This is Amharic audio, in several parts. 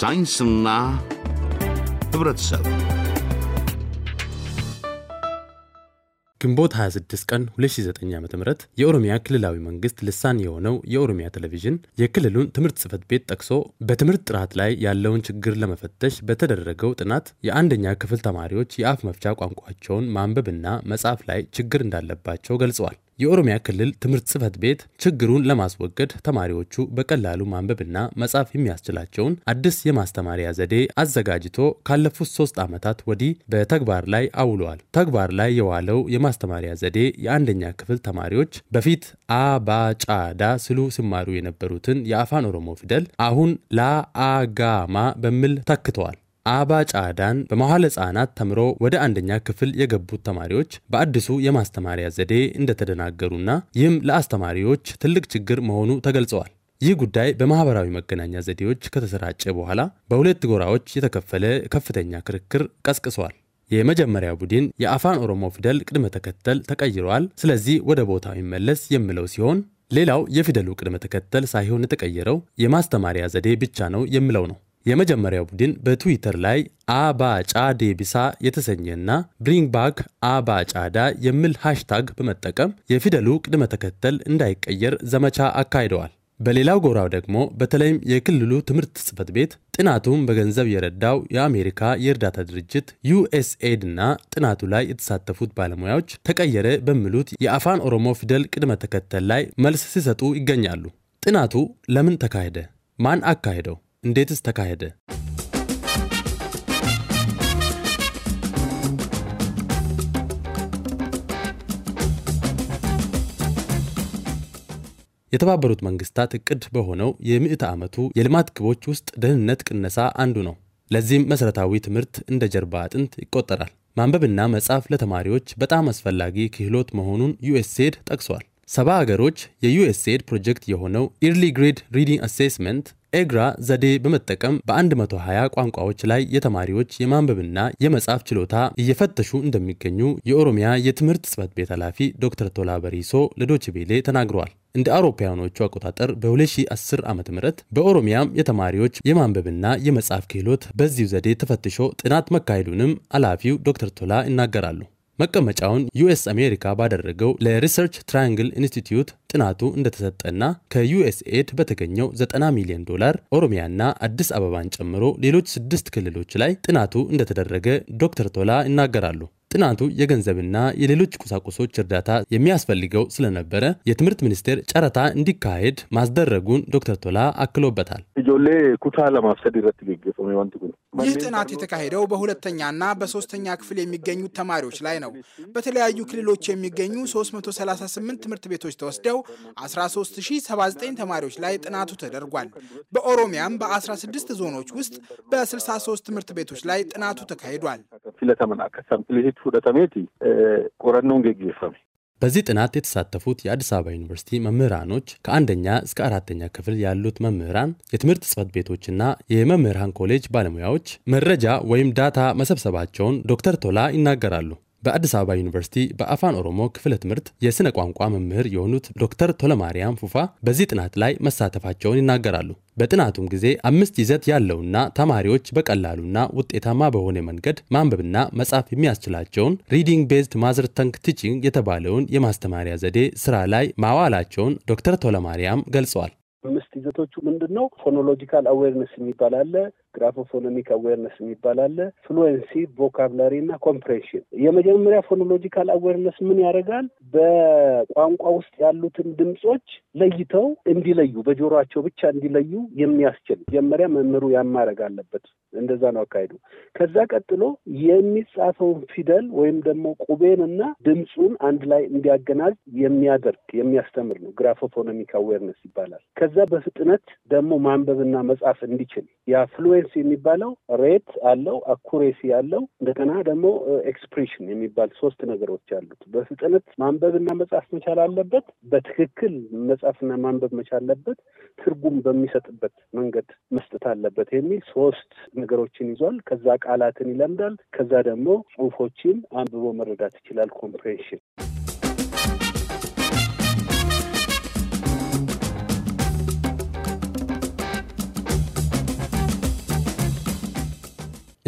ሳይንስና ህብረተሰብ ግንቦት 26 ቀን 2009 ዓ ም የኦሮሚያ ክልላዊ መንግስት ልሳን የሆነው የኦሮሚያ ቴሌቪዥን የክልሉን ትምህርት ጽህፈት ቤት ጠቅሶ በትምህርት ጥራት ላይ ያለውን ችግር ለመፈተሽ በተደረገው ጥናት የአንደኛ ክፍል ተማሪዎች የአፍ መፍቻ ቋንቋቸውን ማንበብና መጻፍ ላይ ችግር እንዳለባቸው ገልጸዋል። የኦሮሚያ ክልል ትምህርት ጽህፈት ቤት ችግሩን ለማስወገድ ተማሪዎቹ በቀላሉ ማንበብና መጻፍ የሚያስችላቸውን አዲስ የማስተማሪያ ዘዴ አዘጋጅቶ ካለፉት ሶስት ዓመታት ወዲህ በተግባር ላይ አውሏል። ተግባር ላይ የዋለው የማስተማሪያ ዘዴ የአንደኛ ክፍል ተማሪዎች በፊት አባጫዳ ስሉ ሲማሩ የነበሩትን የአፋን ኦሮሞ ፊደል አሁን ላአጋማ በሚል ተክተዋል። አባ ጫዳን በመኋል ሕፃናት ተምሮ ወደ አንደኛ ክፍል የገቡት ተማሪዎች በአዲሱ የማስተማሪያ ዘዴ እንደተደናገሩና ይህም ለአስተማሪዎች ትልቅ ችግር መሆኑ ተገልጸዋል። ይህ ጉዳይ በማህበራዊ መገናኛ ዘዴዎች ከተሰራጨ በኋላ በሁለት ጎራዎች የተከፈለ ከፍተኛ ክርክር ቀስቅሷል። የመጀመሪያ ቡድን የአፋን ኦሮሞ ፊደል ቅድመ ተከተል ተቀይረዋል፣ ስለዚህ ወደ ቦታው ይመለስ የሚለው ሲሆን፣ ሌላው የፊደሉ ቅድመ ተከተል ሳይሆን የተቀየረው የማስተማሪያ ዘዴ ብቻ ነው የሚለው ነው። የመጀመሪያው ቡድን በትዊተር ላይ አባ ጫዴ ቢሳ የተሰኘና ብሪንግ ባክ አባ ጫዳ የሚል ሃሽታግ በመጠቀም የፊደሉ ቅድመ ተከተል እንዳይቀየር ዘመቻ አካሂደዋል። በሌላው ጎራው ደግሞ በተለይም የክልሉ ትምህርት ጽፈት ቤት ጥናቱን በገንዘብ የረዳው የአሜሪካ የእርዳታ ድርጅት ዩኤስኤድ እና ጥናቱ ላይ የተሳተፉት ባለሙያዎች ተቀየረ በሚሉት የአፋን ኦሮሞ ፊደል ቅድመ ተከተል ላይ መልስ ሲሰጡ ይገኛሉ። ጥናቱ ለምን ተካሄደ? ማን አካሄደው? እንዴትስ ተካሄደ? የተባበሩት መንግስታት እቅድ በሆነው የምዕተ ዓመቱ የልማት ግቦች ውስጥ ደህንነት ቅነሳ አንዱ ነው። ለዚህም መሠረታዊ ትምህርት እንደ ጀርባ አጥንት ይቆጠራል። ማንበብና መጻፍ ለተማሪዎች በጣም አስፈላጊ ክህሎት መሆኑን ዩኤስኤድ ጠቅሷል። ሰባ አገሮች የዩኤስኤድ ፕሮጀክት የሆነው ኢርሊ ግሬድ ሪዲንግ አሴስመንት ኤግራ ዘዴ በመጠቀም በ120 ቋንቋዎች ላይ የተማሪዎች የማንበብና የመጻፍ ችሎታ እየፈተሹ እንደሚገኙ የኦሮሚያ የትምህርት ጽፈት ቤት ኃላፊ ዶክተር ቶላ በሪሶ ለዶችቤሌ ተናግረዋል። እንደ አውሮፓውያኖቹ አቆጣጠር በ2010 ዓ ም በኦሮሚያም የተማሪዎች የማንበብና የመጻፍ ክህሎት በዚሁ ዘዴ ተፈትሾ ጥናት መካሄዱንም ኃላፊው ዶክተር ቶላ ይናገራሉ። መቀመጫውን ዩኤስ አሜሪካ ባደረገው ለሪሰርች ትራያንግል ኢንስቲትዩት ጥናቱ እንደተሰጠና ከዩኤስኤድ በተገኘው 90 ሚሊዮን ዶላር ኦሮሚያና አዲስ አበባን ጨምሮ ሌሎች ስድስት ክልሎች ላይ ጥናቱ እንደተደረገ ዶክተር ቶላ ይናገራሉ። ጥናቱ የገንዘብና የሌሎች ቁሳቁሶች እርዳታ የሚያስፈልገው ስለነበረ የትምህርት ሚኒስቴር ጨረታ እንዲካሄድ ማስደረጉን ዶክተር ቶላ አክሎበታል። ኩታ ለማፍሰድ ይህ ጥናት የተካሄደው በሁለተኛና በሶስተኛ ክፍል የሚገኙ ተማሪዎች ላይ ነው። በተለያዩ ክልሎች የሚገኙ 338 ትምህርት ቤቶች ተወስደው 13079 ተማሪዎች ላይ ጥናቱ ተደርጓል። በኦሮሚያም በ16 ዞኖች ውስጥ በ63 ትምህርት ቤቶች ላይ ጥናቱ ተካሂዷል። filataman akka saampileessuu fudhatameeti qorannoon geggeeffame። በዚህ ጥናት የተሳተፉት የአዲስ አበባ ዩኒቨርሲቲ መምህራኖች ከአንደኛ እስከ አራተኛ ክፍል ያሉት መምህራን፣ የትምህርት ጽፈት ቤቶችና የመምህራን ኮሌጅ ባለሙያዎች መረጃ ወይም ዳታ መሰብሰባቸውን ዶክተር ቶላ ይናገራሉ። በአዲስ አበባ ዩኒቨርሲቲ በአፋን ኦሮሞ ክፍለ ትምህርት የሥነ ቋንቋ መምህር የሆኑት ዶክተር ቶለማርያም ፉፋ በዚህ ጥናት ላይ መሳተፋቸውን ይናገራሉ። በጥናቱም ጊዜ አምስት ይዘት ያለውና ተማሪዎች በቀላሉና ውጤታማ በሆነ መንገድ ማንበብና መጻፍ የሚያስችላቸውን ሪዲንግ ቤዝድ ማዘር ተንክ ቲቺንግ የተባለውን የማስተማሪያ ዘዴ ስራ ላይ ማዋላቸውን ዶክተር ቶለማርያም ገልጸዋል። አምስት ይዘቶቹ ምንድን ነው? ፎኖሎጂካል አዌርነስ የሚባል አለ። ግራፎፎኖሚክ አዌርነስ የሚባል አለ። ፍሉዌንሲ፣ ቮካብላሪ እና ኮምፕሬንሽን። የመጀመሪያ ፎኖሎጂካል አዌርነስ ምን ያደርጋል? በቋንቋ ውስጥ ያሉትን ድምጾች ለይተው እንዲለዩ በጆሮቸው ብቻ እንዲለዩ የሚያስችል መጀመሪያ መምህሩ ያማረግ አለበት። እንደዛ ነው አካሄዱ። ከዛ ቀጥሎ የሚጻፈውን ፊደል ወይም ደግሞ ቁቤን እና ድምፁን አንድ ላይ እንዲያገናዝ የሚያደርግ የሚያስተምር ነው። ግራፎፎኖሚክ አዌርነስ ይባላል። ከዛ በፍጥነት ደግሞ ማንበብና መጻፍ እንዲችል ያ ኢፊሸንሲ የሚባለው ሬት አለው፣ አኩሬሲ አለው። እንደገና ደግሞ ኤክስፕሬሽን uh, የሚባል ሶስት ነገሮች አሉት። በፍጥነት ማንበብና መጻፍ መቻል አለበት። በትክክል መጻፍና ማንበብ መቻል አለበት። ትርጉም በሚሰጥበት መንገድ መስጠት አለበት የሚል ሶስት ነገሮችን ይዟል። ከዛ ቃላትን ይለምዳል። ከዛ ደግሞ ጽሁፎችን አንብቦ መረዳት ይችላል። ኮምፕሬንሽን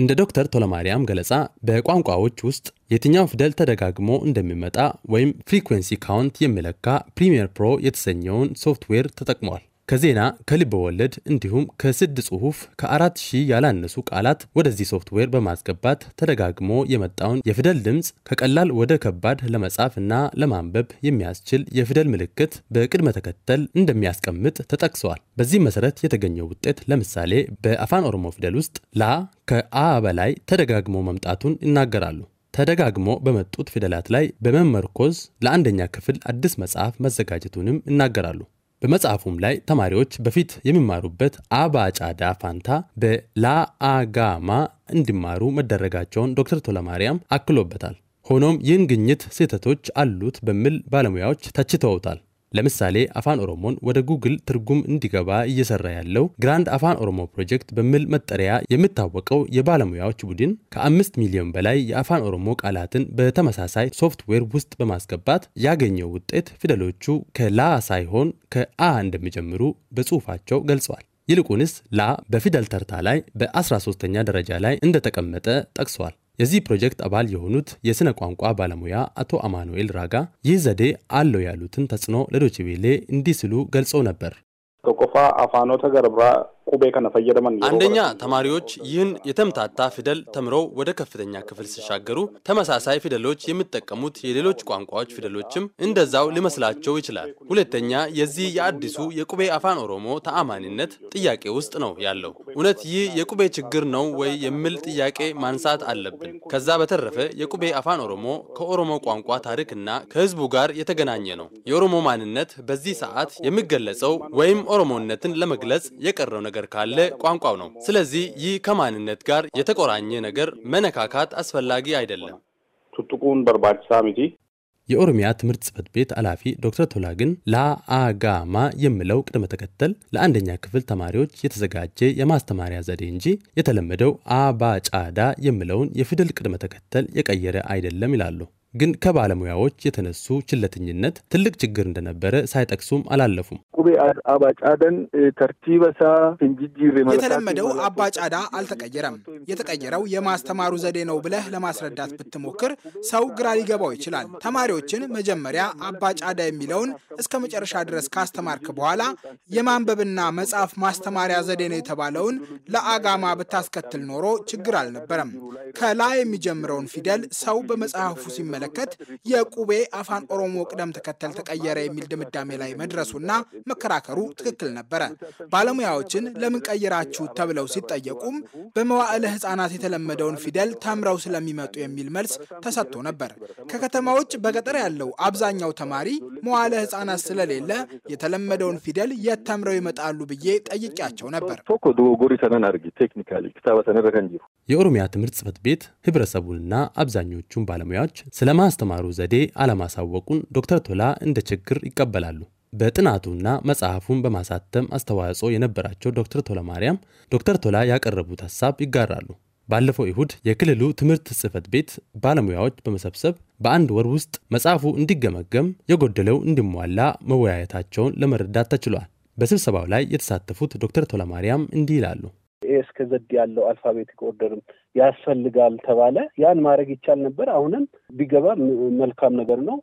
እንደ ዶክተር ቶለማርያም ገለጻ በቋንቋዎች ውስጥ የትኛው ፊደል ተደጋግሞ እንደሚመጣ ወይም ፍሪኩዌንሲ ካውንት የሚለካ ፕሪሚየር ፕሮ የተሰኘውን ሶፍትዌር ተጠቅሟል። ከዜና ከልብ ወለድ እንዲሁም ከስድ ጽሁፍ ከአራት ሺህ ያላነሱ ቃላት ወደዚህ ሶፍትዌር በማስገባት ተደጋግሞ የመጣውን የፊደል ድምፅ ከቀላል ወደ ከባድ ለመጻፍ እና ለማንበብ የሚያስችል የፊደል ምልክት በቅድመ ተከተል እንደሚያስቀምጥ ተጠቅሰዋል። በዚህ መሰረት የተገኘው ውጤት ለምሳሌ በአፋን ኦሮሞ ፊደል ውስጥ ላ ከአ በላይ ተደጋግሞ መምጣቱን ይናገራሉ። ተደጋግሞ በመጡት ፊደላት ላይ በመመርኮዝ ለአንደኛ ክፍል አዲስ መጽሐፍ መዘጋጀቱንም ይናገራሉ። በመጽሐፉም ላይ ተማሪዎች በፊት የሚማሩበት አባጫዳ ፋንታ በላአጋማ እንዲማሩ መደረጋቸውን ዶክተር ቶለማርያም አክሎበታል። ሆኖም ይህን ግኝት ስህተቶች አሉት በሚል ባለሙያዎች ተችተውታል። ለምሳሌ አፋን ኦሮሞን ወደ ጉግል ትርጉም እንዲገባ እየሰራ ያለው ግራንድ አፋን ኦሮሞ ፕሮጀክት በሚል መጠሪያ የሚታወቀው የባለሙያዎች ቡድን ከአምስት ሚሊዮን በላይ የአፋን ኦሮሞ ቃላትን በተመሳሳይ ሶፍትዌር ውስጥ በማስገባት ያገኘው ውጤት ፊደሎቹ ከላ ሳይሆን ከአ እንደሚጀምሩ በጽሁፋቸው ገልጸዋል። ይልቁንስ ላ በፊደል ተርታ ላይ በ 13 ተኛ ደረጃ ላይ እንደተቀመጠ ጠቅሰዋል። የዚህ ፕሮጀክት አባል የሆኑት የሥነ ቋንቋ ባለሙያ አቶ አማኑኤል ራጋ ይህ ዘዴ አለው ያሉትን ተጽዕኖ ለዶችቤሌ እንዲህ ሲሉ ገልጸው ነበር። ቁቤ ከነ ፈየደመን አንደኛ ተማሪዎች ይህን የተምታታ ፊደል ተምረው ወደ ከፍተኛ ክፍል ሲሻገሩ ተመሳሳይ ፊደሎች የሚጠቀሙት የሌሎች ቋንቋዎች ፊደሎችም እንደዛው ሊመስላቸው ይችላል። ሁለተኛ የዚህ የአዲሱ የቁቤ አፋን ኦሮሞ ተአማኒነት ጥያቄ ውስጥ ነው ያለው። እውነት ይህ የቁቤ ችግር ነው ወይ የሚል ጥያቄ ማንሳት አለብን። ከዛ በተረፈ የቁቤ አፋን ኦሮሞ ከኦሮሞ ቋንቋ ታሪክና ከህዝቡ ጋር የተገናኘ ነው። የኦሮሞ ማንነት በዚህ ሰዓት የሚገለጸው ወይም ኦሮሞነትን ለመግለጽ የቀረው ነገር ካለ ቋንቋው ነው። ስለዚህ ይህ ከማንነት ጋር የተቆራኘ ነገር መነካካት አስፈላጊ አይደለም። ቱጥቁን በርባሳ ሚቲ የኦሮሚያ ትምህርት ጽህፈት ቤት ኃላፊ ዶክተር ቶላ ግን ለአጋማ የሚለው ቅደም ተከተል ለአንደኛ ክፍል ተማሪዎች የተዘጋጀ የማስተማሪያ ዘዴ እንጂ የተለመደው አባጫዳ የሚለውን የፊደል ቅደም ተከተል የቀየረ አይደለም ይላሉ። ግን ከባለሙያዎች የተነሱ ችለተኝነት ትልቅ ችግር እንደነበረ ሳይጠቅሱም አላለፉም። የተለመደው አባጫዳ አልተቀየረም። የተቀየረው የማስተማሩ ዘዴ ነው ብለህ ለማስረዳት ብትሞክር ሰው ግራ ሊገባው ይችላል። ተማሪዎችን መጀመሪያ አባጫዳ የሚለውን እስከ መጨረሻ ድረስ ካስተማርክ በኋላ የማንበብና መጻፍ ማስተማሪያ ዘዴ ነው የተባለውን ለአጋማ ብታስከትል ኖሮ ችግር አልነበረም። ከላይ የሚጀምረውን ፊደል ሰው በመጽሐፉ ሲመ ሲመለከት የቁቤ አፋን ኦሮሞ ቅደም ተከተል ተቀየረ የሚል ድምዳሜ ላይ መድረሱና መከራከሩ ትክክል ነበረ። ባለሙያዎችን ለምን ቀይራችሁ ተብለው ሲጠየቁም በመዋዕለ ሕፃናት የተለመደውን ፊደል ተምረው ስለሚመጡ የሚል መልስ ተሰጥቶ ነበር። ከከተማ ውጭ በገጠር ያለው አብዛኛው ተማሪ መዋዕለ ሕፃናት ስለሌለ የተለመደውን ፊደል የት ተምረው ይመጣሉ ብዬ ጠይቄያቸው ነበር። የኦሮሚያ ትምህርት ጽፈት ቤት ህብረተሰቡንና አብዛኞቹን ባለሙያዎች ስለ ስለማስተማሩ ዘዴ አለማሳወቁን ዶክተር ቶላ እንደ ችግር ይቀበላሉ። በጥናቱና መጽሐፉን በማሳተም አስተዋጽኦ የነበራቸው ዶክተር ቶላ ማርያም ዶክተር ቶላ ያቀረቡት ሀሳብ ይጋራሉ። ባለፈው ይሁድ የክልሉ ትምህርት ጽህፈት ቤት ባለሙያዎች በመሰብሰብ በአንድ ወር ውስጥ መጽሐፉ እንዲገመገም፣ የጎደለው እንዲሟላ መወያየታቸውን ለመረዳት ተችሏል። በስብሰባው ላይ የተሳተፉት ዶክተር ቶላ ማርያም እንዲህ ይላሉ። ከኤ እስከ ዘድ ያለው አልፋቤቲክ ኦርደርም ያስፈልጋል ተባለ። ያን ማድረግ ይቻል ነበር። አሁንም ቢገባ መልካም ነገር ነው።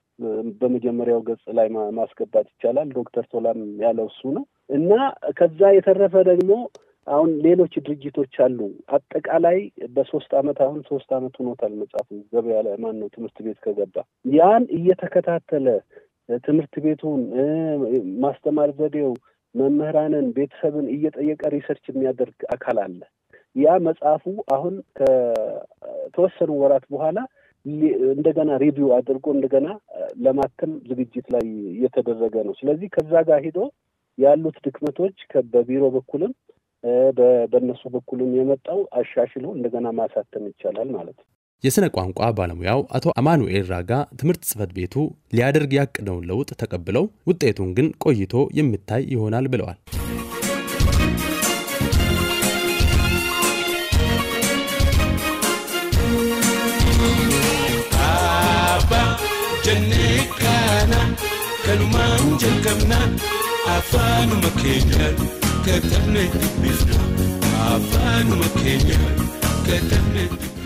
በመጀመሪያው ገጽ ላይ ማስገባት ይቻላል። ዶክተር ቶላም ያለው እሱ ነው እና ከዛ የተረፈ ደግሞ አሁን ሌሎች ድርጅቶች አሉ። አጠቃላይ በሶስት አመት አሁን ሶስት አመት ሆኖታል መጽሐፉ ገበያ ላይ ማን ነው ትምህርት ቤት ከገባ ያን እየተከታተለ ትምህርት ቤቱን ማስተማር ዘዴው መምህራንን፣ ቤተሰብን እየጠየቀ ሪሰርች የሚያደርግ አካል አለ። ያ መጽሐፉ አሁን ከተወሰኑ ወራት በኋላ እንደገና ሪቪው አድርጎ እንደገና ለማተም ዝግጅት ላይ እየተደረገ ነው። ስለዚህ ከዛ ጋር ሂዶ ያሉት ድክመቶች በቢሮ በኩልም በእነሱ በኩልም የመጣው አሻሽሎ እንደገና ማሳተም ይቻላል ማለት ነው። የሥነ ቋንቋ ባለሙያው አቶ አማኑኤል ራጋ ትምህርት ጽህፈት ቤቱ ሊያደርግ ያቅደውን ለውጥ ተቀብለው ውጤቱን ግን ቆይቶ የሚታይ ይሆናል ብለዋል። Afaan